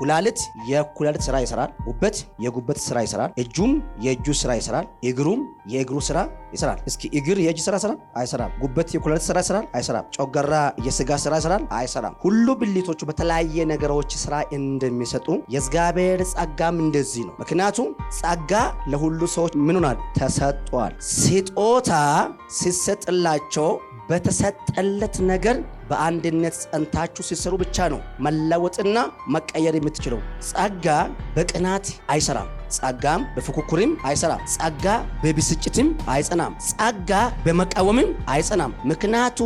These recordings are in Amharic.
ኩላለት የኩላሊት ስራ ይሰራል። ጉበት የጉበት ስራ ይሰራል። እጁም የእጁ ስራ ይሰራል። እግሩም የእግሩ ስራ ይሰራል። እስኪ እግር የእጅ ስራ ይሰራል? አይሰራም። ጉበት የኩላሊት ስራ ይሰራል? አይሰራም። ጮጋራ የስጋ ስራ ይሰራል? አይሰራም። ሁሉ ብልቶቹ በተለያየ ነገሮች ስራ እንደሚሰጡ የእግዚአብሔር ጸጋም እንደዚህ ነው። ምክንያቱም ጸጋ ለሁሉ ሰዎች ምን ሆናል? ተሰጧል። ስጦታ ሲሰጥላቸው በተሰጠለት ነገር በአንድነት ጸንታችሁ ሲሰሩ ብቻ ነው መለወጥና መቀየር የምትችለው። ጸጋ በቅናት አይሰራም። ጸጋም በፉክክርም አይሰራም። ጸጋ በብስጭትም አይጸናም። ጸጋ በመቃወምም አይጸናም። ምክንያቱ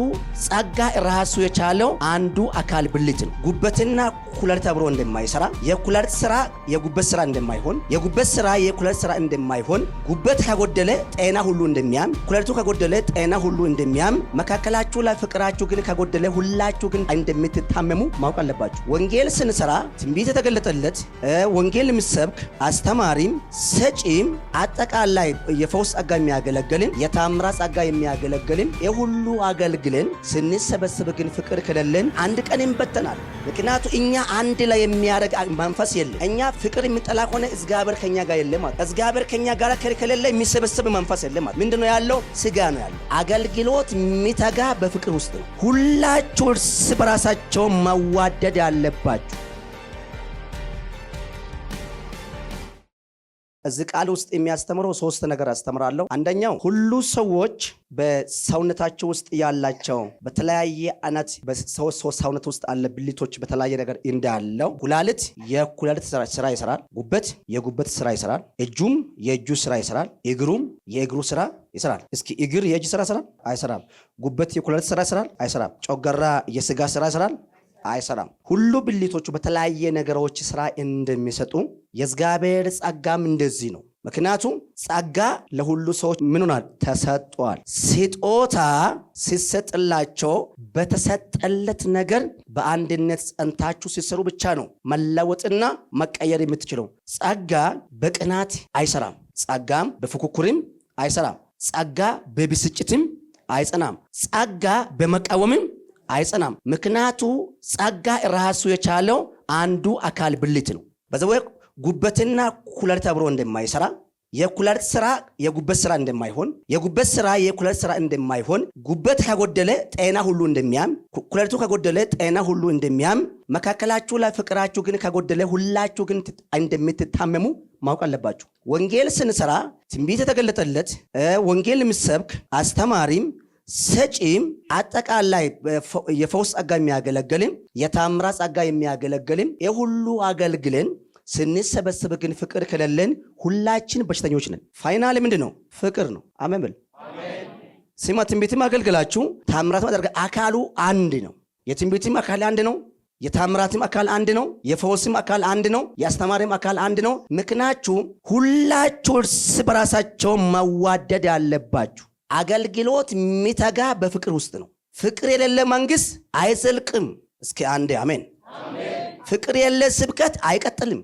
ጸጋ ራሱ የቻለው አንዱ አካል ብልት ነው። ጉበትና ኩላሊት አብሮ እንደማይሰራ፣ የኩላሊት ስራ የጉበት ስራ እንደማይሆን፣ የጉበት ስራ የኩላሊት ስራ እንደማይሆን፣ ጉበት ከጎደለ ጤና ሁሉ እንደሚያም፣ ኩላሊቱ ከጎደለ ጤና ሁሉ እንደሚያም፣ መካከላችሁ ላይ ፍቅራችሁ ግን ከጎደለ ሁላችሁ ግን እንደምትታመሙ ማወቅ አለባችሁ። ወንጌል ስንሰራ ትንቢት የተገለጠለት ወንጌል የምሰብክ አስተማሪም፣ ሰጪም፣ አጠቃላይ የፈውስ ጸጋ የሚያገለግልን የታምራ ጸጋ የሚያገለግልን የሁሉ አገልግልን ስንሰበስብ ግን ፍቅር ከሌለን አንድ ቀን ይበተናል። ምክንያቱ እኛ አንድ ላይ የሚያደረግ መንፈስ የለም። እኛ ፍቅር የሚጠላ ከሆነ እዝጋብር ከኛ ጋር የለ ማለት ከኛ ጋር ከሌለ የሚሰበሰብ መንፈስ የለ ማለት ምንድነው ያለው? ስጋ ነው ያለው። አገልግሎት የሚተጋ በፍቅር ውስጥ ነው ሁላ ሁላችሁ እርስ በራሳቸውን ማዋደድ አለባችሁ። እዚህ ቃል ውስጥ የሚያስተምረው ሶስት ነገር አስተምራለሁ። አንደኛው ሁሉ ሰዎች በሰውነታቸው ውስጥ ያላቸው በተለያየ አይነት ሰውነት ውስጥ አለ ብልቶች በተለያየ ነገር እንዳለው ኩላልት የኩላልት ስራ ይሰራል፣ ጉበት የጉበት ስራ ይሰራል፣ እጁም የእጁ ስራ ይሰራል፣ እግሩም የእግሩ ስራ ይሰራል። እስኪ እግር የእጅ ስራ ይሰራል? አይሰራም። ጉበት የኩላልት ስራ ይሰራል? አይሰራም። ጮገራ የስጋ ስራ ይሰራል? አይሰራም። ሁሉ ብልቶቹ በተለያየ ነገሮች ስራ እንደሚሰጡ የእግዚአብሔር ጸጋም እንደዚህ ነው። ምክንያቱም ጸጋ ለሁሉ ሰዎች ምን ሆናል ተሰጧል። ስጦታ ሲሰጥላቸው በተሰጠለት ነገር በአንድነት ጸንታችሁ ሲሰሩ ብቻ ነው መለወጥና መቀየር የምትችለው። ጸጋ በቅናት አይሰራም። ጸጋም በፉክክርም አይሰራም። ጸጋ በብስጭትም አይጸናም። ጸጋ በመቃወምም አይጸናም። ምክንያቱ ጸጋ ራሱ የቻለው አንዱ አካል ብልት ነው። በዘወ ጉበትና ኩላሊት አብሮ እንደማይሰራ የኩላሊት ስራ የጉበት ስራ እንደማይሆን የጉበት ስራ የኩላሊት ስራ እንደማይሆን ጉበት ከጎደለ ጤና ሁሉ እንደሚያም ኩላሊቱ ከጎደለ ጤና ሁሉ እንደሚያም መካከላችሁ ላይ ፍቅራችሁ ግን ከጎደለ ሁላችሁ ግን እንደምትታመሙ ማወቅ አለባችሁ። ወንጌል ስንሰራ ትንቢት የተገለጠለት ወንጌል የሚሰብክ አስተማሪም ሰጪም አጠቃላይ የፈውስ ጸጋ የሚያገለግልም የታምራ ጸጋ የሚያገለግልም የሁሉ አገልግልን ስንሰበሰብ ግን ፍቅር ከሌለን ሁላችን በሽተኞች ነን። ፋይናል ምንድን ነው? ፍቅር ነው። አመብል ስማ፣ ትንቢትም አገልግላችሁ ታምራትም አደርገ አካሉ አንድ ነው። የትንቢትም አካል አንድ ነው። የታምራትም አካል አንድ ነው። የፈውስም አካል አንድ ነው። የአስተማሪም አካል አንድ ነው። ምክንያቱም ሁላችሁ እርስ በራሳቸው መዋደድ አለባችሁ። አገልግሎት የሚተጋ በፍቅር ውስጥ ነው። ፍቅር የሌለ መንግስት አይዘልቅም። እስኪ አንዴ አሜን። ፍቅር የለ ስብከት አይቀጥልም።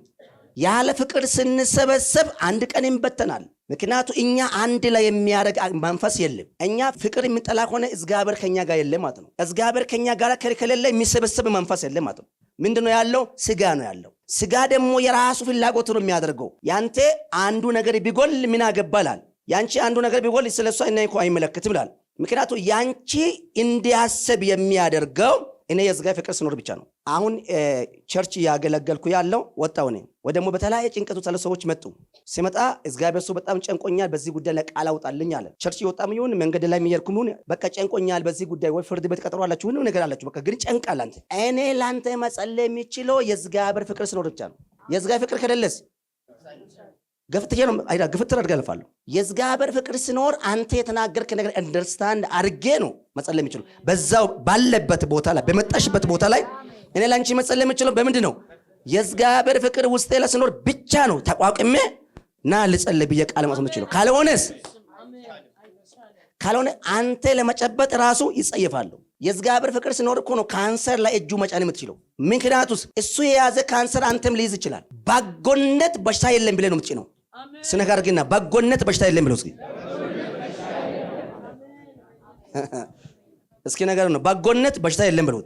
ያለ ፍቅር ስንሰበሰብ አንድ ቀን ይበተናል። ምክንያቱ እኛ አንድ ላይ የሚያደርግ መንፈስ የለም። እኛ ፍቅር የሚጠላ ከሆነ እግዚአብሔር ከኛ ጋር የለ ማለት ነው። እግዚአብሔር ከኛ ጋር ከሌለ የሚሰበሰብ መንፈስ የለ ማለት ነው። ነው ያለው? ስጋ ነው ያለው። ስጋ ደግሞ የራሱ ፍላጎት ነው የሚያደርገው። ያንተ አንዱ ነገር ቢጎል ምን አገባላል ያንቺ አንዱ ነገር ቢጎል ስለ እሷ እኔ አይመለከትም ይላል። ምክንያቱ ያንቺ እንዲያስብ የሚያደርገው እኔ የዝጋ ፍቅር ስኖር ብቻ ነው። አሁን ቸርች እያገለገልኩ ያለው ወጣው ነኝ ወይ ደግሞ በተለያየ ጭንቀቱ ተለ ሰዎች መጡ። ሲመጣ እግዚአብሔር ሰው በጣም ጨንቆኛል፣ በዚህ ጉዳይ ላይ ቃል አውጣልኝ አለ። ቸርች የወጣም ይሁን መንገድ ላይ የሚየርኩ ይሁን በቃ ጨንቆኛል፣ በዚህ ጉዳይ ወይ ፍርድ ቤት ቀጠሮ አላችሁ፣ ሁሉ ነገር አላችሁ፣ በቃ ግን ጨንቃ አንተ እኔ ለአንተ መጸለ የሚችለው የእግዚአብሔር ፍቅር ስኖር ብቻ ነው። የዝጋ ፍቅር ከደለስ ገፍትዬ ነው አይዳ ግፍትር አድርገ አልፋለሁ። የእግዚአብሔር ፍቅር ሲኖር አንተ የተናገርክ ነገር አንደርስታንድ አድርጌ ነው መጸለይ የሚችሉ በዛው ባለበት ቦታ ላይ በመጣሽበት ቦታ ላይ እኔ ላንቺ መጸለይ የምችለው በምንድን ነው? የእግዚአብሔር ፍቅር ውስጤ ላይ ሲኖር ብቻ ነው ተቋቁሜ ና ልጸልይ ብዬ ቃል ማስ የምችለው። ካልሆነስ ካልሆነ አንተ ለመጨበጥ ራሱ ይጸይፋሉ። የእግዚአብሔር ፍቅር ሲኖር እኮ ነው ካንሰር ላይ እጁ መጫን የምትችለው። ምክንያቱስ እሱ የያዘ ካንሰር አንተም ሊይዝ ይችላል። ባጎነት በሽታ የለም ብለህ ነው የምትጭነው። ስነካ አድርጌና በጎነት በሽታ የለም ብለው እስኪ እስኪ ነገር ነው። በጎነት በሽታ የለም ብለው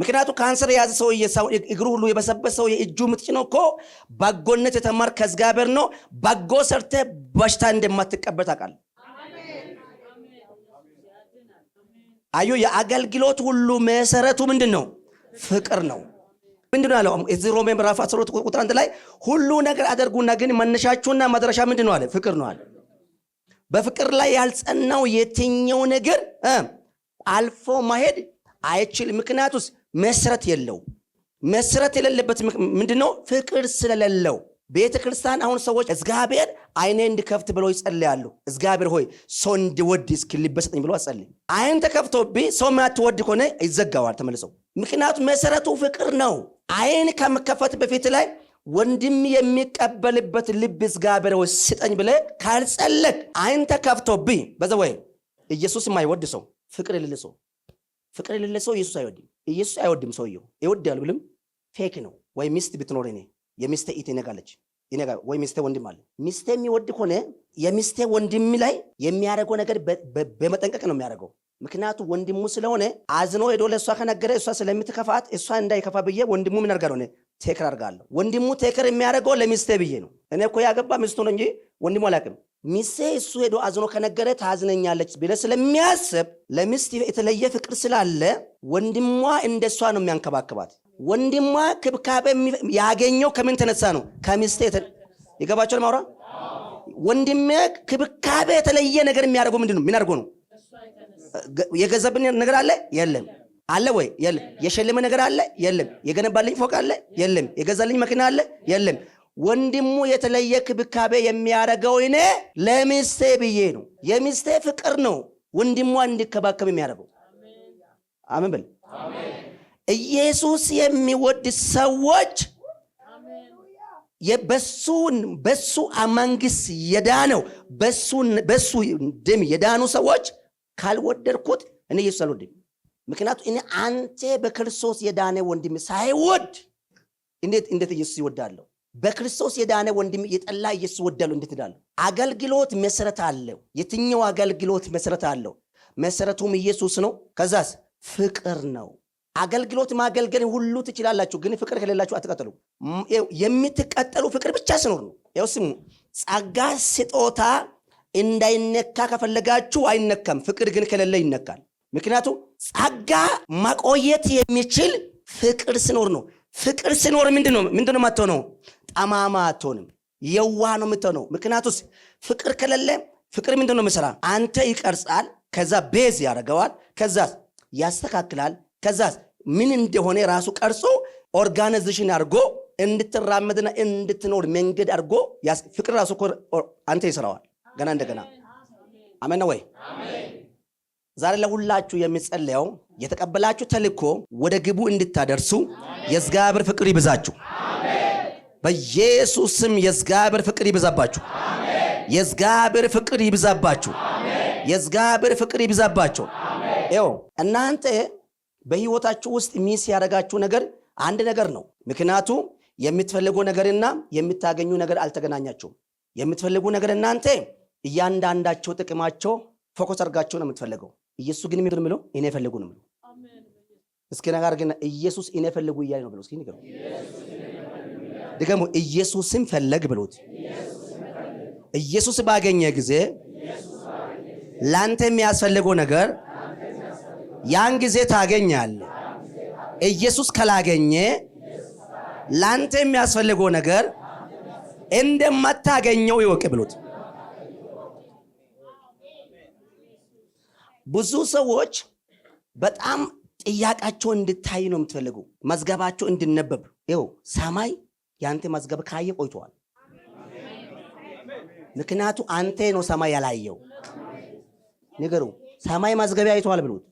ምክንያቱ ካንሰር የያዘ ሰው እግሩ ሁሉ የበሰበት ሰው የእጁ ምጥጭ ነው እኮ በጎነት የተማር ከእግዚአብሔር ነው። በጎ ሰርተ በሽታ እንደማትቀበል ታውቃለ አዩ የአገልግሎት ሁሉ መሰረቱ ምንድን ነው? ፍቅር ነው። ምንድን ነው ያለው? እዚህ ሮሜ ምዕራፍ 10 ቁጥር አንድ ላይ ሁሉ ነገር አደርጉና ግን መነሻችሁና መድረሻ ምንድን ነው አለ? ፍቅር ነው አለ። በፍቅር ላይ ያልጸናው የትኛው ነገር አልፎ ማሄድ አይችል። ምክንያት ውስጥ መስረት የለው። መስረት የሌለበት ምንድን ነው? ፍቅር ስለሌለው ቤተ ክርስቲያን አሁን ሰዎች እግዚአብሔር አይኔ እንድከፍት ብለው ይጸልያሉ። እግዚአብሔር ሆይ ሰው እንዲወድ እስኪ ሊበሰጠኝ ብሎ አጸል አይን ተከፍቶብ ሰው ማትወድ ከሆነ ይዘጋዋል ተመልሰው። ምክንያቱም መሰረቱ ፍቅር ነው። አይን ከመከፈት በፊት ላይ ወንድም የሚቀበልበት ልብ እግዚአብሔር ስጠኝ ብለ ካልጸለቅ አይን ተከፍቶብህ በዛ ወይ ኢየሱስ የማይወድ ሰው ፍቅር የሌለ ሰው ፍቅር የሌለ ሰው ኢየሱስ አይወድም። ኢየሱስ አይወድም። ሰውየው ይወዳል ብልም ፌክ ነው። ወይ ሚስት ብትኖር እኔ የሚስቴ ኢት ይነጋለች ይነጋ ወይ ሚስቴ ወንድም አለ ሚስቴ የሚወድ ከሆነ የሚስቴ ወንድም ላይ የሚያደርገው ነገር በመጠንቀቅ ነው የሚያደርገው። ምክንያቱ ወንድሙ ስለሆነ አዝኖ ሄዶ ለእሷ ከነገረ እሷ ስለምትከፋት እሷ እንዳይከፋ ብዬ ወንድሙ ምን ነገር ቴክር አድርጋለሁ። ወንድሙ ቴክር የሚያደርገው ለሚስቴ ብዬ ነው። እኔ እኮ ያገባ ሚስቱ ነው እንጂ ወንድሙ አላውቅም። ሚስቴ እሱ ሄዶ አዝኖ ከነገረ ታዝነኛለች ብለ ስለሚያስብ ለሚስት የተለየ ፍቅር ስላለ ወንድሟ እንደሷ ነው የሚያንከባክባት። ወንድሟ ክብካቤ ያገኘው ከምን ተነሳ ነው? ከሚስቴ የገባቸውን ማውራ ወንድሜ ክብካቤ የተለየ ነገር የሚያደርገው ምንድን ነው? ምን አድርጎ ነው የገዛብን ነገር አለ የለም? አለ ወይ? የለም። የሸለመ ነገር አለ የለም? የገነባልኝ ፎቅ አለ የለም? የገዛልኝ መኪና አለ የለም? ወንድሙ የተለየ ክብካቤ የሚያደርገው እኔ ለሚስቴ ብዬ ነው። የሚስቴ ፍቅር ነው ወንድሟ እንዲከባከብ የሚያደርገው። አሜን በል። ኢየሱስ የሚወድ ሰዎች በሱ አማንግስ የዳነው በሱ ደም የዳኑ ሰዎች ካልወደድኩት እኔ ኢየሱስ አልወድም። ምክንያቱ እኔ አንተ በክርስቶስ የዳነ ወንድም ሳይወድ እንዴት እንዴት ኢየሱስ ይወዳለሁ? በክርስቶስ የዳነ ወንድም የጠላ ኢየሱስ ይወዳለሁ እንዴት እላለሁ? አገልግሎት መሰረት አለው። የትኛው አገልግሎት መሰረት አለው? መሰረቱም ኢየሱስ ነው። ከዛስ ፍቅር ነው። አገልግሎት ማገልገል ሁሉ ትችላላችሁ፣ ግን ፍቅር ከሌላችሁ አትቀጥሉ። የምትቀጠሉ ፍቅር ብቻ ሲኖር ነው። ያው ስሙ ጸጋ ስጦታ እንዳይነካ ከፈለጋችሁ አይነካም። ፍቅር ግን ከሌለ ይነካል። ምክንያቱም ጸጋ ማቆየት የሚችል ፍቅር ሲኖር ነው። ፍቅር ሲኖር ምንድነው ነው ምንድን ጠማማ አትሆንም። የዋ ነው የምትሆነው። ምክንያቱስ ፍቅር ከሌለ ፍቅር ምንድነው ነው አንተ ይቀርጻል፣ ከዛ ቤዝ ያደርገዋል፣ ከዛ ያስተካክላል፣ ከዛ ምን እንደሆነ ራሱ ቀርጾ ኦርጋናይዜሽን አድርጎ እንድትራመድና እንድትኖር መንገድ አድርጎ ፍቅር ራሱ አንተ ይሰራዋል። ገና እንደገና አሜን ነው ወይ? ዛሬ ለሁላችሁ የሚጸለየው የተቀበላችሁ ተልእኮ ወደ ግቡ እንድታደርሱ የእግዚአብሔር ፍቅር ይብዛችሁ። በኢየሱስ ስም የእግዚአብሔር ፍቅር ይብዛባችሁ። የእግዚአብሔር ፍቅር ይብዛባችሁ። የእግዚአብሔር ፍቅር ይብዛባችሁ። ይኸው እናንተ በሕይወታችሁ ውስጥ ሚስ ያደረጋችሁ ነገር አንድ ነገር ነው። ምክንያቱ የምትፈልጉ ነገርና የምታገኙ ነገር አልተገናኛችሁም። የምትፈልጉ ነገር እናንተ እያንዳንዳቸው ጥቅማቸው ፎከስ አድርጋቸው ነው የምትፈለገው። ኢየሱስ ግን ምንድን ብሎ እኔ ፈልጉ ነው እስኪ ነገር ግን ኢየሱስ እኔ ፈልጉ እያለ ነው ብሎ እስኪ ንገሩ ደግሞ ኢየሱስን ፈለግ ብሎት ኢየሱስ ባገኘ ጊዜ ላንተ የሚያስፈልገው ነገር ያን ጊዜ ታገኛል ኢየሱስ ካላገኘ ላንተ የሚያስፈልገው ነገር እንደማታገኘው ይወቅ ብሎት ብዙ ሰዎች በጣም ጥያቃቸው እንድታይ ነው የምትፈልጉ፣ መዝገባቸው እንድነበብ። ይኸው ሰማይ የአንተ መዝገብ ካየ ቆይተዋል። ምክንያቱ አንተ ነው ሰማይ ያላየው። ንገሩ፣ ሰማይ መዝገብ አይተዋል ብሉት።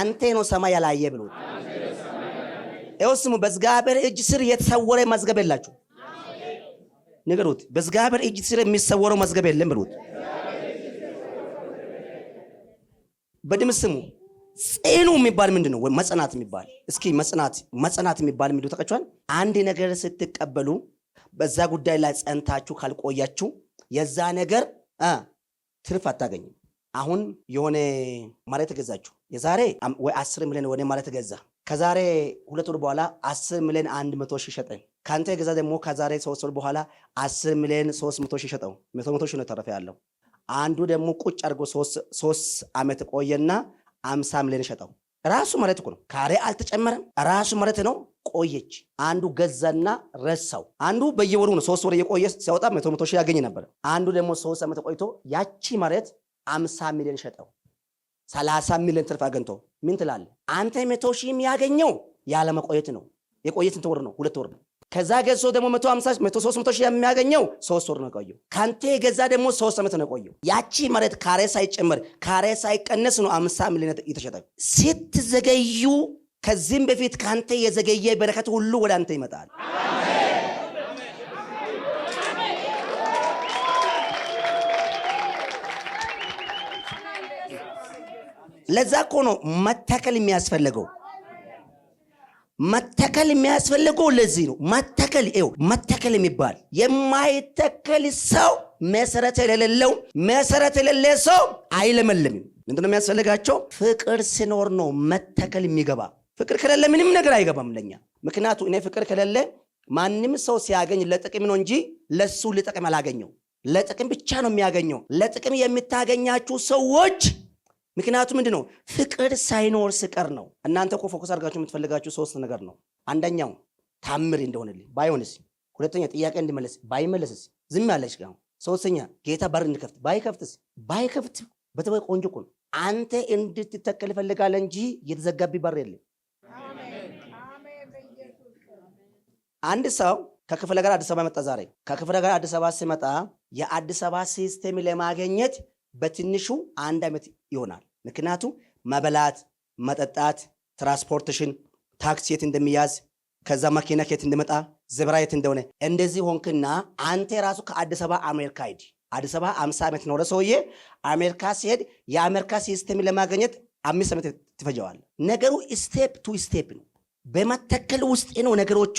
አንተ ነው ሰማይ ያላየ ብሉት። ይኸው ስሙ፣ በእግዚአብሔር እጅ ስር የተሰወረ መዝገብ የላችሁ። ንገሩት፣ በእግዚአብሔር እጅ ስር የሚሰወረው መዝገብ የለም ብሉት። በድምፅ ስሙ ጽኑ የሚባል ምንድን ነው? መጽናት የሚባል እስኪ መጽናት መጽናት የሚባል የሚሉ ተቀችኋል። አንድ ነገር ስትቀበሉ በዛ ጉዳይ ላይ ጸንታችሁ ካልቆያችሁ የዛ ነገር ትርፍ አታገኝም። አሁን የሆነ መሬት ገዛችሁ። የዛሬ ወይ አስር ሚሊዮን ወደ መሬት ገዛ። ከዛሬ ሁለት ወር በኋላ አስር ሚሊዮን አንድ መቶ ሺህ ሸጠን ከአንተ የገዛ ደግሞ ከዛሬ ሶስት ወር በኋላ አስር ሚሊዮን ሶስት መቶ ሺህ ሸጠው መቶ መቶ ሺህ ነው ተረፈ ያለው አንዱ ደግሞ ቁጭ አድርጎ ሶስት ዓመት ቆየና አምሳ ሚሊዮን ሸጠው። ራሱ መሬት እኮ ነው፣ ካሬ አልተጨመረም። ራሱ መሬት ነው። ቆየች። አንዱ ገዛና ረሳው። አንዱ በየወሩ ነው፣ ሶስት ወር እየቆየ ሲያወጣ መቶ መቶ ሺህ ያገኝ ነበር። አንዱ ደግሞ ሶስት ዓመት ቆይቶ ያቺ መሬት አምሳ ሚሊዮን ሸጠው፣ ሰላሳ ሚሊዮን ትርፍ አገኝቶ ምን ትላለህ አንተ? መቶ ሺህ የሚያገኘው ያለመቆየት ነው። የቆየት ስንት ወር ነው? ሁለት ወር ነው። ከዛ ገዝቶ ደግሞ መቶ ሀምሳ መቶ ሶስት መቶ ሺህ የሚያገኘው ሶስት ወር ነው የቆየው። ከአንተ የገዛ ደግሞ ሶስት ዓመት ነው የቆየው። ያቺ መሬት ካሬ ሳይጨምር ካሬ ሳይቀነስ ነው አምሳ ሚሊዮን የተሸጠ። ስትዘገዩ ከዚህም በፊት ከአንተ የዘገየ በረከት ሁሉ ወደ አንተ ይመጣል። ለዛ እኮ ነው መታከል የሚያስፈልገው። መተከል የሚያስፈልገው ለዚህ ነው። መተከል ው መተከል የሚባል የማይተከል ሰው መሰረት የሌለው መሰረት የሌለ ሰው አይለመልምም። ምንድነው የሚያስፈልጋቸው? ፍቅር ሲኖር ነው መተከል የሚገባ። ፍቅር ከሌለ ምንም ነገር አይገባም ለኛ። ምክንያቱ እኔ ፍቅር ከሌለ ማንም ሰው ሲያገኝ ለጥቅም ነው እንጂ ለሱ ልጠቅም አላገኘው። ለጥቅም ብቻ ነው የሚያገኘው። ለጥቅም የምታገኛችሁ ሰዎች ምክንያቱም ምንድ ነው ፍቅር ሳይኖር ስቀር ነው። እናንተ እኮ ፎከስ አድርጋችሁ የምትፈልጋችሁ ሶስት ነገር ነው። አንደኛው ታምር እንደሆነልኝ ባይሆንስ፣ ሁለተኛ ጥያቄ እንድመለስ ባይመለስስ፣ ዝም ያለች ጋ ሶስተኛ ጌታ በር እንድከፍት ባይከፍትስ፣ ባይከፍት በተባይ ቆንጆ ቁን አንተ እንድትተከል ይፈልጋል እንጂ የተዘጋቢ በር የለም። አንድ ሰው ከክፍለ ጋር አዲስ አበባ መጣ ዛሬ ከክፍለ ጋር አዲስ አበባ ሲመጣ የአዲስ አበባ ሲስተም ለማገኘት በትንሹ አንድ ዓመት ይሆናል። ምክንያቱም መበላት፣ መጠጣት፣ ትራንስፖርቴሽን፣ ታክሲ የት እንደሚያዝ ከዛ መኪና ከየት እንደመጣ ዝብራ የት እንደሆነ እንደዚህ ሆንክና አንተ ራሱ ከአዲስ አበባ አሜሪካ ሂድ። አዲስ አበባ አምሳ ዓመት ኖረ ሰውዬ አሜሪካ ሲሄድ የአሜሪካ ሲስተም ለማገኘት አምስት ዓመት ትፈጀዋል። ነገሩ ስቴፕ ቱ ስቴፕ ነው። በመተከል ውስጥ ነው ነገሮቹ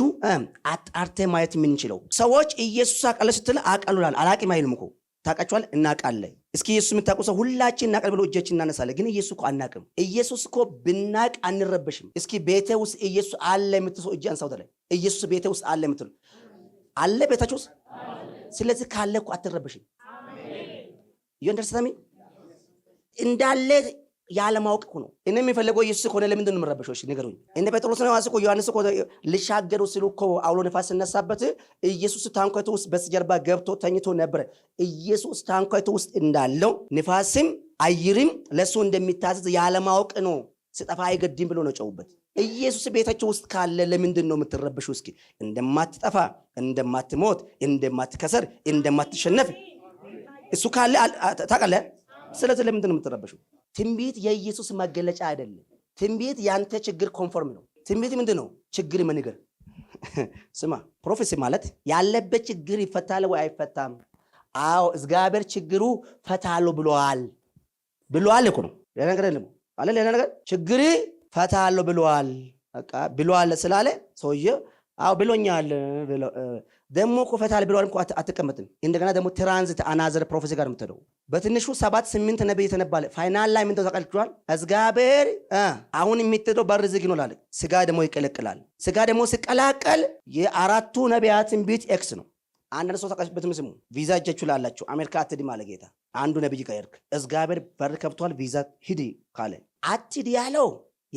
አጣርተ ማየት የምንችለው። ሰዎች ኢየሱስ አቃለ ስትል አቀሉላል አላቂም አይልም እኮ ታውቃችኋል። እናቃለን እስኪ ኢየሱስ የምታውቁ ሰው ሁላችን እናቀል ብሎ እጃችን እናነሳለን። ግን ኢየሱስ እኮ አናቅም። ኢየሱስ እኮ ብናቅ አንረበሽም። እስኪ ቤተ ውስጥ ኢየሱስ አለ የምትል ሰው እጅ አንሳው። ኢየሱስ ቤተ ውስጥ አለ የምትል አለ ቤታችሁ ውስጥ። ስለዚህ ካለ እኮ አትረበሽም። ዩ አንደርስታንድ እንዳለ ያለማወቅ ነው። እኔ የሚፈልገው ኢየሱስ ከሆነ ለምንድን ነው የምረበሸው? እሺ ንገሩኝ። እነ ጴጥሮስ ነው ዋስ ዮሐንስ ልሻገሩ ሲሉ እኮ አውሎ ነፋስ ሲነሳበት ኢየሱስ ታንኳይቱ ውስጥ በስተጀርባ ገብቶ ተኝቶ ነበረ። ኢየሱስ ታንኳይቱ ውስጥ እንዳለው ንፋስም አየርም ለእሱ እንደሚታዘዝ ያለማወቅ ነው። ስጠፋ አይገድም ብሎ ነው ጨውበት። ኢየሱስ ቤታቸው ውስጥ ካለ ለምንድን ነው የምትረበሹ? እስኪ እንደማትጠፋ እንደማትሞት፣ እንደማትከሰር፣ እንደማትሸነፍ እሱ ካለ ታውቃለህ። ስለዚህ ለምንድን ነው የምትረበሹ? ትንቢት የኢየሱስ መገለጫ አይደለም። ትንቢት የአንተ ችግር ኮንፎርም ነው። ትንቢት ምንድን ነው? ችግር መንገር። ስማ ፕሮፌሲ ማለት ያለበት ችግር ይፈታል ወይ አይፈታም? አዎ እግዚአብሔር ችግሩ ፈታሉ ብለዋል ብለዋል እኮ ነው። ሌላ ነገር የለም አለ። ሌላ ነገር ችግር ፈታሉ ብለዋል፣ ብለዋል ስላለ ሰውዬ አዎ ብሎኛል ደግሞ እኮ ብለዋል እኮ አትቀመጥም። እንደገና ደግሞ ትራንዚት አናዘር ፕሮፌሲ ጋር የምትሄደው በትንሹ ሰባት ስምንት ነብይ የተነባለ ፋይናል ላይ ምንተው ተቀልችዋል። እግዚአብሔር አሁን የሚትሄደው በር ዝግ ይኖላል። ስጋ ደግሞ ይቀለቅላል። ስጋ ደግሞ ሲቀላቀል የአራቱ ነቢያትን ቤት ኤክስ ነው። አንድ ሰው ተቀበትም ስሙ ቪዛ እጃችሁ ላላችሁ አሜሪካ አትሄድም አለ ጌታ። አንዱ ነቢይ ቀየርክ እግዚአብሔር በር ከብቷል። ቪዛ ሂድ ካለ አትሂድ ያለው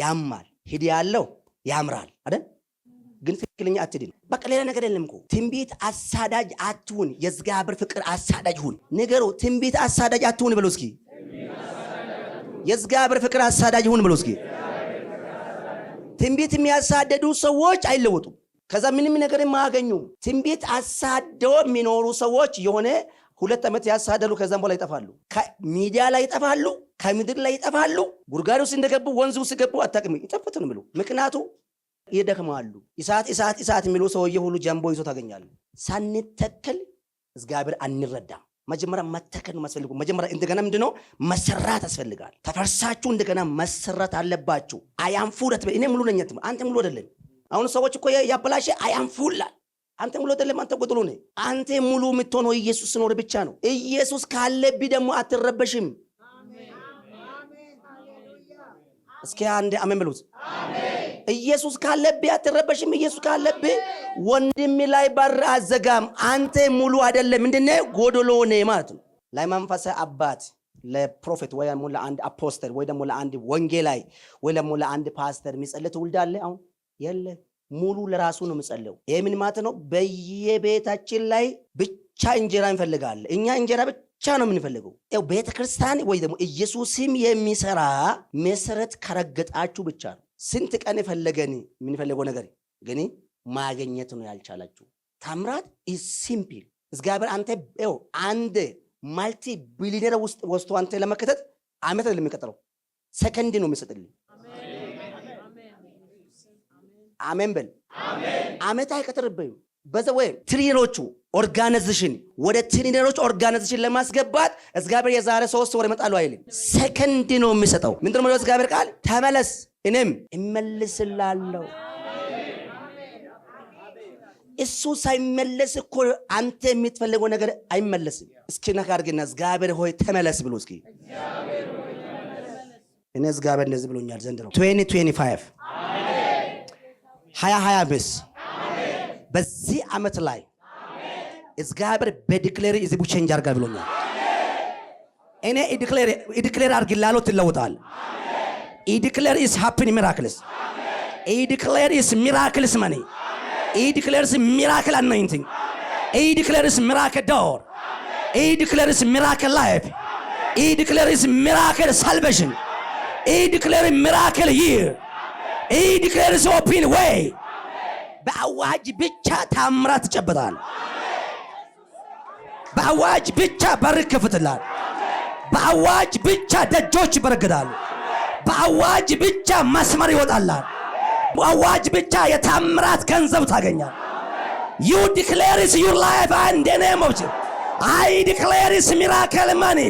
ያማል፣ ሂድ ያለው ያምራል አይደል? ግን ትክክለኛ አትድን። በቃ ሌላ ነገር የለም እኮ ትንቢት አሳዳጅ አትሁን፣ የእግዚአብሔር ፍቅር አሳዳጅ ሁን። ንገሩ፣ ትንቢት አሳዳጅ አትሁን ብሎ እስኪ የእግዚአብሔር ፍቅር አሳዳጅ ሁን ብሎ እስኪ። ትንቢት የሚያሳደዱ ሰዎች አይለወጡም። ከዛ ምንም ነገር የማያገኙ ትንቢት አሳደው የሚኖሩ ሰዎች የሆነ ሁለት ዓመት ያሳደሉ፣ ከዛም በኋላ ይጠፋሉ። ከሚዲያ ላይ ይጠፋሉ፣ ከምድር ላይ ይጠፋሉ። ጉድጓድ ውስጥ እንደገቡ ወንዝ ውስጥ ገቡ፣ አታውቅም። ይጠፉትን ምክንያቱ ይደክማሉ። እሳት እሳት እሳት የሚሉ ሰውዬ ሁሉ ጀንቦ ይዞ ታገኛሉ። ሳንተከል እግዚአብሔር አንረዳም። መጀመሪያ መተከል ነው ማስፈልጉ። መጀመሪያ እንደገና ምንድን ነው መሰራት ያስፈልጋል። ተፈርሳችሁ እንደገና መሰራት አለባችሁ። አያም ፉረት እኔ ሙሉ ነኝ፣ አንተ ሙሉ አይደለም። አሁን ሰዎች እኮ ያበላሸ አያም ፉላል። አንተ ሙሉ አይደለም፣ አንተ ጎድሎ ነህ። አንተ ሙሉ የምትሆነው ኢየሱስ ሲኖር ብቻ ነው። ኢየሱስ ካለብ ደግሞ አትረበሽም። እስኪ አንድ አሜን በሉት። ኢየሱስ ካለብህ አትረበሽም። ኢየሱስ ካለብህ ወንድም ላይ በር አዘጋም። አንተ ሙሉ አይደለም ምንድነ ጎዶሎ ነህ ማለት ነው። ለመንፈሳዊ አባት ለፕሮፌት ወይ ደግሞ ለአንድ አፖስተል ወይ ደግሞ ለአንድ ወንጌላዊ ወይ ደግሞ ለአንድ ፓስተር የሚጸልይ ትውልድ አለ? አሁን የለ። ሙሉ ለራሱ ነው የምጸልው። ይህ ምን ማለት ነው? በየቤታችን ላይ ብቻ እንጀራ እንፈልጋለን። እኛ እንጀራ ብቻ ነው የምንፈልገው። ያው ቤተክርስቲያን ወይ ደግሞ ኢየሱስም የሚሰራ መሰረት ከረገጣችሁ ብቻ ነው ስንት ቀን የፈለገን የምንፈልገው ነገር ግን ማግኘት ነው ያልቻላችሁ። ታምራት ኢዝ ሲምፕል። እግዚአብሔር አንተ ው አንድ ማልቲ ቢሊነር ውስጥ ወስቶ አንተ ለመከተት አመት ለሚቀጥለው ሰከንድ ነው የሚሰጥልኝ። አሜን በል። አመት አይቀጥርብኝም በዛ ወይ ትሪኖቹ ኦርጋናይዜሽን ወደ ትሪነሮች ኦርጋናይዜሽን ለማስገባት እግዚአብሔር የዛሬ ሶስት ወር ይመጣሉ አይልም። ሴከንድ ነው የሚሰጠው። ምንድን ነው እግዚአብሔር ቃል ተመለስ፣ እኔም እመልስላለሁ። እሱ ሳይመለስ እኮ አንተ የምትፈልገው ነገር አይመለስም። እስኪ ነካ አድርግና እግዚአብሔር ሆይ ተመለስ ብሎ እስኪ እኔ እግዚአብሔር እንደዚህ ብሎኛል ዘንድ ነው 2025 ሀያ ሀያ አምስት በዚህ ዓመት ላይ እግዚአብሔር በዲክሌሪ ህዝቡ ቼንጅ አድርጋ ብሎኛል። እኔ ዲክሌር አድርግ ላሎት ይለውጣል። ዲክሌር ኢስ ሃፕን ሚራክልስ ዲክሌር ኢስ ሚራክልስ መኒ ዲክሌርስ ሚራክል አናይንቲንግ ዲክሌርስ ሚራክል ዶር ዲክሌርስ ሚራክል ላይፍ ዲክሌርስ ሚራክል ሳልቬሽን ዲክሌር ሚራክል ይር ዲክሌርስ ኦፕን ዌይ በአዋጅ ብቻ ታምራት ትጨብጣል። በአዋጅ ብቻ በር ይከፍትላል። በአዋጅ ብቻ ደጆች ይበረግዳሉ። በአዋጅ ብቻ መስመር ይወጣላል። በአዋጅ ብቻ የታምራት ገንዘብ ታገኛል። ዩ ዲክሌርስ ዩር ላይፍ አንድ ኔም ኦፍ አይ ዲክሌርስ ሚራክል መኒ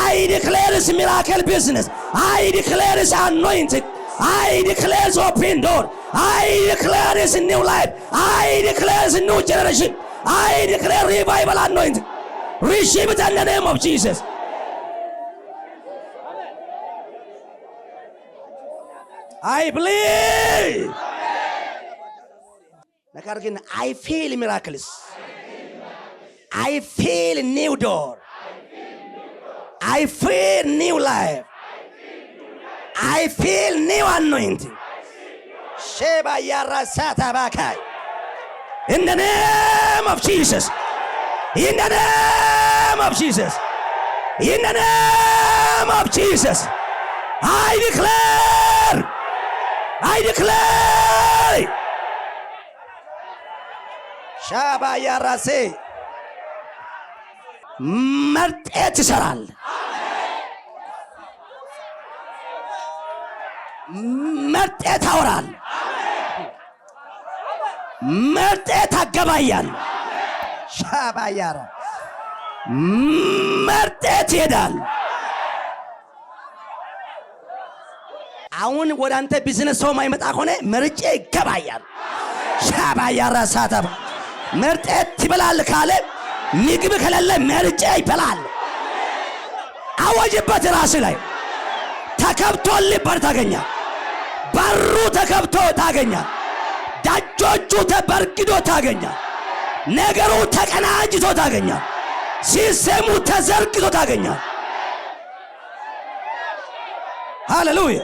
አይ ዲክሌርስ ሚራክል ቢዝነስ አይ ዲክሌርስ አኖይንትድ I declare is open door. I declare a new life. I declare is a new generation. I declare revival anointing. Receive it in the name of Jesus. I believe. ነገር ግን አይ ፊል ሚራክልስ አይ ፊል ኒው ዶር አይ ፊል ኒው ላይፍ I feel new anointing. Sheba Yarasata Bakai. In the name of Jesus. In the name of Jesus. In the name of Jesus. I declare. I declare. Shaba Yarase. መርጤ ትሰራለህ መርጤ ታወራል፣ መርጤ ታገባያል፣ ሻባያራ መርጤ ትሄዳል። አሁን ወደ አንተ ቢዝነስ ሰው ማይመጣ ከሆነ መርጬ ይገባያል። ሻባያራ ሳተባ መርጤ ትበላል ካለ ምግብ ከሌለ መርጬ ይበላል። አወጅበት ራስ ላይ ተከብቶልህ በር ታገኛል። በሩ ተከብቶ ታገኛል። ደጆቹ ተበርግዶ ታገኛል። ነገሩ ተቀናጅቶ ታገኛል። ሲስተሙ ተዘርግቶ ታገኛል። ሃሌሉያ